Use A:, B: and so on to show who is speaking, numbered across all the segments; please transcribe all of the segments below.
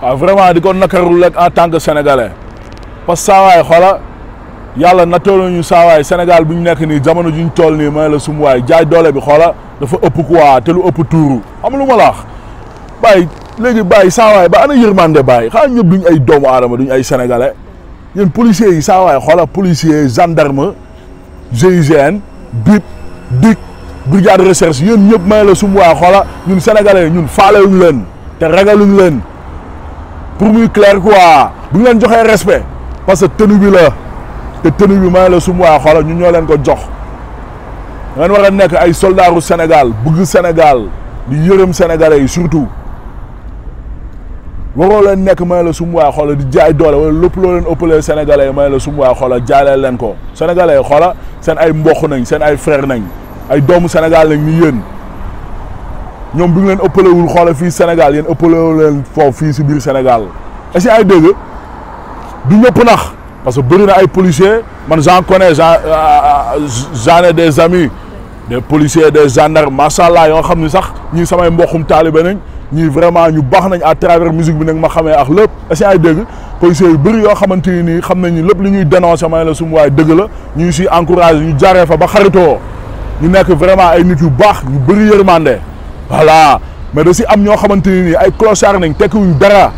A: waaw ah, vraiment di ko nakarul rek en tant que sénégalais parce que saawaay xoola yàlla nattoon nañu saawaay Sénégal bu ñu nekk nii jamono ju ñu toll nii may la sumu waay jaay doole bi xoola dafa ëpp quoi te lu ëpp tuuru am lu ma laax bàyyi léegi bàyyi saawaay ba ana yërmande bàyyi xanaa ñëpp duñ ay doomu aadama duñ ay sénégalais yéen policier yi saawaay xoola policier gendarme GIGN BIP DIC brigade recherche yéen ñëpp may la sumu waay xoola ñun sénégalais ñun faalewuñ leen te ragaluñ leen pour muy clair quoi bu ñu leen joxee respect parce que tenue bi la te tenue bi may la sum waa xoolal ñu ñoo leen ko jox ngeen war a nekk ay soldaaru senegal bëgg senegal di yërëm sénégalais yi surtout waroo leen nekk may la sum waa xoolal di jaay doole wala lépp loo leen ëppalee sénégalais yi may la sum waa xoolal jaaleel leen ko sénégalais yi xoolal seen ay mboq nañ seen ay frère nañ ay doomu senegal nañ ni yéen. ñoom bi ñu leen ëppalewul xoole fii Sénégal yéen ëppalewu leen foofu fii si biir Sénégal est ay dégg du ñëpp nax parce que bëri na ay policiers man j'en connais j'en euh, euh, ai des amis des policiers des gendarmes macha yoo xam ni sax ñii samay mboqum taalibe nañ ñii vraiment ñu baax nañ à travers musique bi nekk ma xamee ak lépp est-ce que ay dégg policiers yu bëri yoo xamante ni nii xam nañ ni lépp li ñuy dénoncer may la sumu waaye dëgg la ñu ngi siy encouragé ñu jaaree fa ba xaritoo ñu nekk vraiment ay nit yu baax ñu bëri voilà mais da si am ñoo xamante ni nii ay clochard nañ tekkiwuñ dara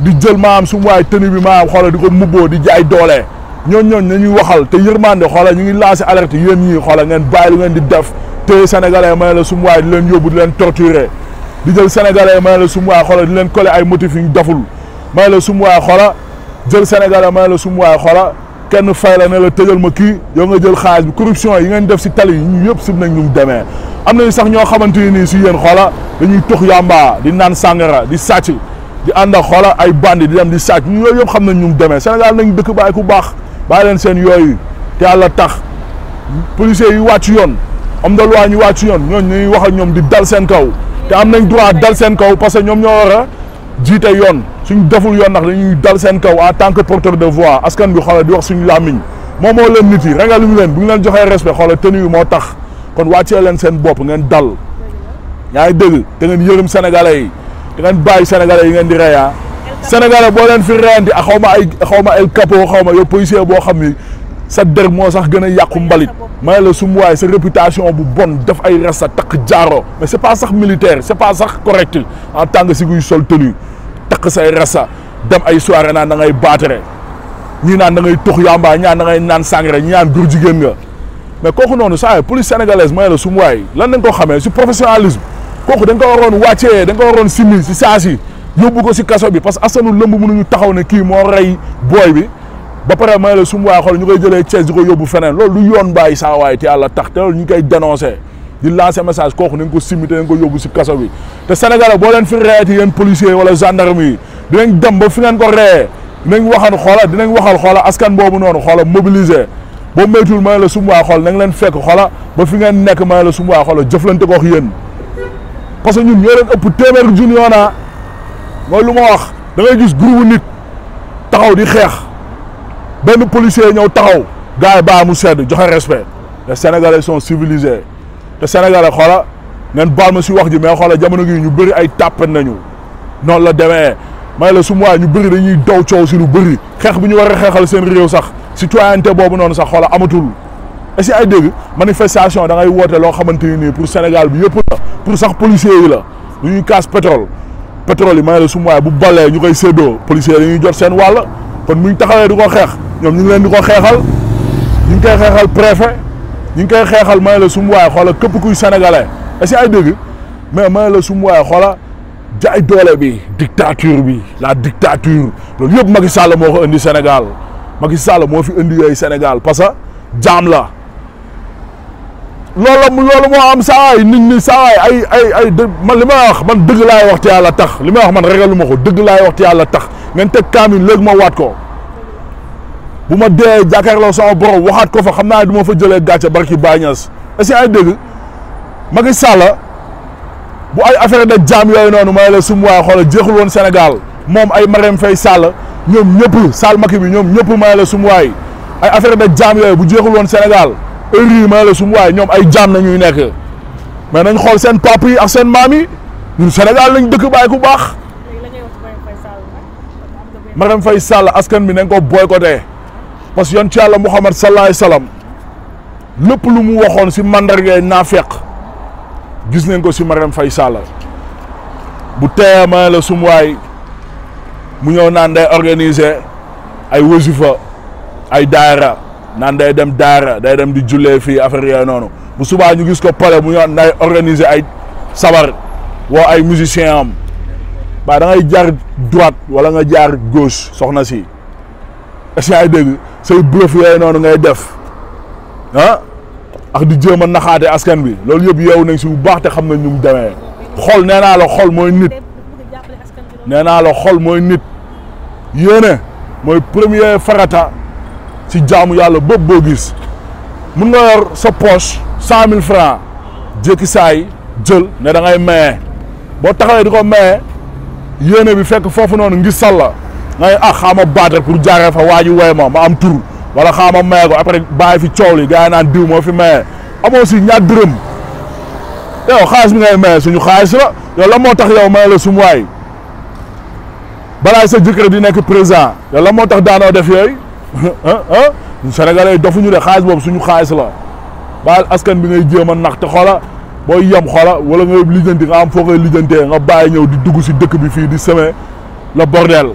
A: di jël maam su mu waay tenue bi maam xoolal di ko mubboo di jaay doole ñooñ ñooñ nañuy waxal te yërmande xoolal ñu ngi lancé alerte yéen ñii xoolal ngeen bàyyi lu ngeen di def te sénégalais ma ne la su mu waay di leen yóbbu di leen torturer di jël sénégalais ma ne la su mu waay xoolal di leen collé ay motifs yu ñu deful ma ne la su mu waay xoolal jël sénégalais ma ne la su mu waay xoolal kenn fay la ne la tëjal ma kii yow nga jël xaalis bi corruption yi ngeen def si tali yi ñu yëpp sib nañ ñu demee am nañu sax ñoo xamante ni si yéen xoola dañuy tux yàmba di naan sàngara di sàcc di ànd ak xoola ay bandi di dem di sàcc ñu yooyu yëpp xam nañ ñu demee Sénégal nañ dëkk bàyyi ku baax bàyyi leen seen yooyu te yàlla tax policiers yi wàcc yoon am na loi ñu wàcc yoon ñooñu ñuy wax ak ñoom di dal seen kaw te am nañ droit dal seen kaw parce que ñoom jiite yoon suñ deful yoon nag dañuy dal seen kaw en tant que porteur de voix askan bi xoolal di wax suñu làmmiñ moom moo leen nit yi leen bu ñu leen joxee respect xoolal tenue yi moo tax kon wàccee leen seen bopp ngeen dal yaa ngi dégg te ngeen yërëm sénégalais yi te ngeen bàyyi sénégalais yi ngeen di reyaa ah. sénégalais boo leen fi reyandi ak xaw ma ay xaw ma El Capo xaw ma yow policier boo xam ni sa der moo sax gën a yàqu mbalit may la su mu waay sa réputation bu bon def ay rasta takk jaaroo mais c'est pas sax militaire c'est pas sax correct en tant que si guy sol tenue takk say rasta dem ay soirée naan da ngay baatere ñii naan da ngay tox yamba ñaan naan sangara ñi naan góor jigéen nga mais kooku noonu saa police sénégalaise may la su mu waay lan dañ ko xamee si professionnalisme kooku dañ ko waroon wàccee dañ ko waroon simi si saa si yóbbu ko si kaso bi parce que asanu lëmb mënuñu taxaw ne kii moo rey booy bi ba pare may la su mu waay xool ñu koy jëlee Thiès di ko yóbbu feneen loolu du yoon bàyyi saa waay te yàlla tax te loolu ñu koy dénoncé di lancé message kooku nañ ko simmi te nañ ko yóbbu si kaso bi te Sénégalais boo leen fi reeti yéen policiers wala gendarme yi dinañ dem ba fi ngeen ko reyee dinañ waxan xoola dinañ waxal xoola askan boobu noonu xoola mobiliser boo moytuwul may la su mu waay xool nañ leen fekk xoola ba fi ngeen nekk may la su mu waay xoola jëflante ko wax yéen que ñun ñoo leen ëpp téeméer junni yoon ah. mooy lu ma wax da ngay gis groupe nit taxaw di xeex benn policier ñëw taxaw gars yi baa mu sedd joxe respect les sénégalais son civilisés te sénégalais xoola ngeen baal ma si wax ji mais xoola jamono gi ñu bëri ay tàppat nañu noonu la demee may la sum su ñu bëri dañuy daw coow si lu bëri xeex bi ñu war a xeexal seen réew sax citoyenneté boobu noonu sax xoola amatul. est-ce ay dégg manifestation da ngay woote loo xamante ni nii pour Sénégal bi yëpp la pour sax policier yi la lu ñuy kaas pétrole pétrole yi may la bu balee ñu koy séddoo policier yi dañuy jot seen wàll. kon bu ñu taxawee du ko xeex ñoom ñu ngi leen di ko xeexal ñu ngi koy xeexal préfet ñu ngi koy xeexal may la sumu waaye xoola képp kuy sénégalais est ce ay dëgg mais may la sumu waaye xoola jaay doole bi dictature bi la dictature loolu yëpp Macky Sall moo ko indi Sénégal Macky Sall moo fi indi yooyu Sénégal parce que jaam la loolu loolu moo am saawaay nit ñi saawaay ay ay ay man li may wax man dëgg laay wax te yàlla tax li ma wax man regalu ma ko dëgg laay wax te yàlla tax ngeen teg kaamil léegi ma bu ma dee jàkkaarloo sama borom waxaat ko fa xam naa ne du ma fa jëlee gàcce barki Baye Niass est ay dégg Macky Sall bu ay affaire de jaam yooyu noonu may la sum waay xoolal jeexul woon Sénégal moom ay Marème fay Sall ñoom ñëpp Sall Macky bi ñoom ñëpp may la sum ay affaire de jaam yooyu bu jeexul woon Sénégal heure yii may la ñoom ay jaam na ñuy nekk mais nañ xool seen papa yi ak seen maam yi ñun Sénégal lañ dëkk bàyyi ku baax. Marème Faye askan bi nañ ko boycotté. parce que yonent yàlla Muhammad sallallahu alayhi wa lépp lu mu waxoon si mandarga naafeq gis nañ ko si Mariam Faye Sall bu teemaa la sum waay mu ñëw naan day organiser ay wasifa ay daara naan day dem daara day dem di jullee fii affaire yooyu noonu bu subaa ñu gis ko pare mu ñëw day organise ay sabar woo ay musiciens am ba da jaar droite wala nga jaar gauche soxna si. est-ce que yaay dégg say bluff yooyu noonu ngay def ah ak di jéem a naxaate askan bi loolu yëpp yeewu nañ si bu baax te xam nañ ñu mu demee xol nee naa la xol mooy nit nee naa la xol mooy nit yéene mooy premier farata si jaamu yàlla bëpp boo gis mun nga yor sa poche cent mille francs jékki saay jël ne da ngay maye boo taxawee di ko maye yéene bi fekk foofu noonu ngir sàlla nga ah xaama baat rek pour jaaree fa waa ji woy ma ma am tur wala xaama maye ko après bàyyi fi coow li gaa yi naan diw moo fi maye amoo si ñaar dërëm yow xaalis bi ngay maye suñu xaalis la yow la moo tax yow maye sumu waay balaa sa jëkkër président la moo tax daanoo def yooyu sénégalais yi dofuñu de xaalis boobu suñu xaalis la baal askan bi ngay jéem a nax te xoola booy yem xoola wala ngay lijjanti nga am foo koy lijjantee nga bàyyi ñëw di dugg si dëkk bi fii di semé le bordel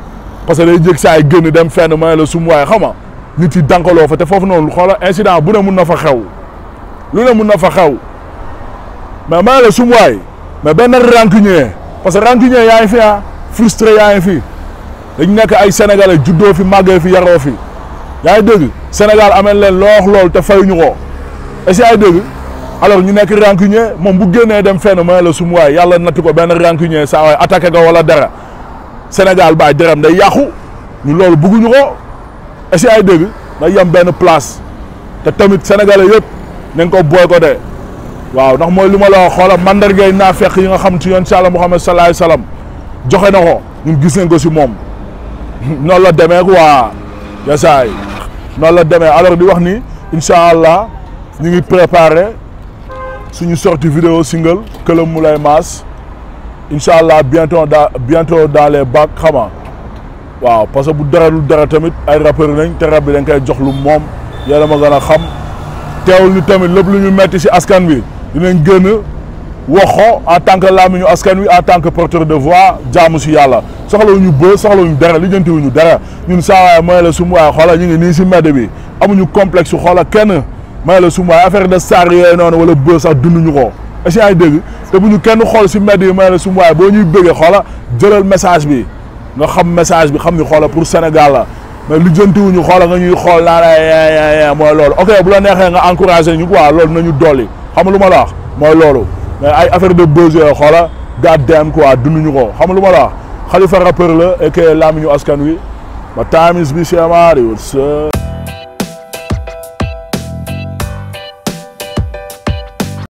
A: parce que day jég saa yi génn dem fenn may la sum waaye xam nga nit yi dankaloo fa te foofu noonu xoola incident bu ne mun na fa xew lu mun na fa xew mais may la sum waay mais benn rancunier parce que rancunier yaa fi ah frustré yaa ngi fi dañ nekk ay sénégalais juddoo fi màggee fi yaroo fi yaa ngi dégg Sénégal amee leen loo lool te fay fayuñu ko est-ce yaa ngi dégg alors ñu nekk rancunier moom bu génnee dem fenn may la sum waay yàlla natt ko benn rancunier saa waay attaqué ko wala dara. Sénégal baay dërëm day yàqu ñu loolu bëgguñu ko est-ce na yem benn place te tamit sénégalais yëpp nañ ko boycotté waaw ndax mooy li ma la xoola mandargay naa fekk yi nga xam si yoon si Yàlla Muhammad sallallahu alayhi wasallam joxe na ko ñun gis nañ ko si moom noonu la demee quoi yasaay noonu la demee alors di wax ni incha allah ñu ngi préparé suñu sortie vidéo single Këram Moulay Mass incha allah bientôt dans bientôt dans les bacs xama waaw parce bu dara lu dara tamit ay rappeurs nañ te rab bi dañ koy jox lu moom yéen la ma gën a xam teewul lu tamit lépp lu ñu metti si askan wi dinañ gën a waxoo en tant que làmmiñu askan wi en tant que porteur de voix jaamu si yàlla wu ñu bë soxlawuñu dara wu ñu dara ñun saa waay mooy la sum waay xoola ñu ngi nii si mbedd bi amuñu complexe xoola kenn mooy la sum waay affaire de star yooyu noonu wala bë sax dunduñu ko. si ay dégg te bu ñu kenn xool si mbedd yi may ne su boo ñuy bëggee xoola jëlal message bi nga xam message bi xam ni xoola pour Sénégal la mais lu jëntiwuñu xoola nga ñuy xool naa la mooy loolu ok bu la neexee nga encouragé ñu quoi loolu nañu dolli xam nga lu ma la mooy loolu mais ay affaire de buzz yooyu xoola gàdd dem quoi ñu ko xam nga lu ma la wax Khalifa rappeur la et que làmmiñu askan wi ba time is bi semaari wut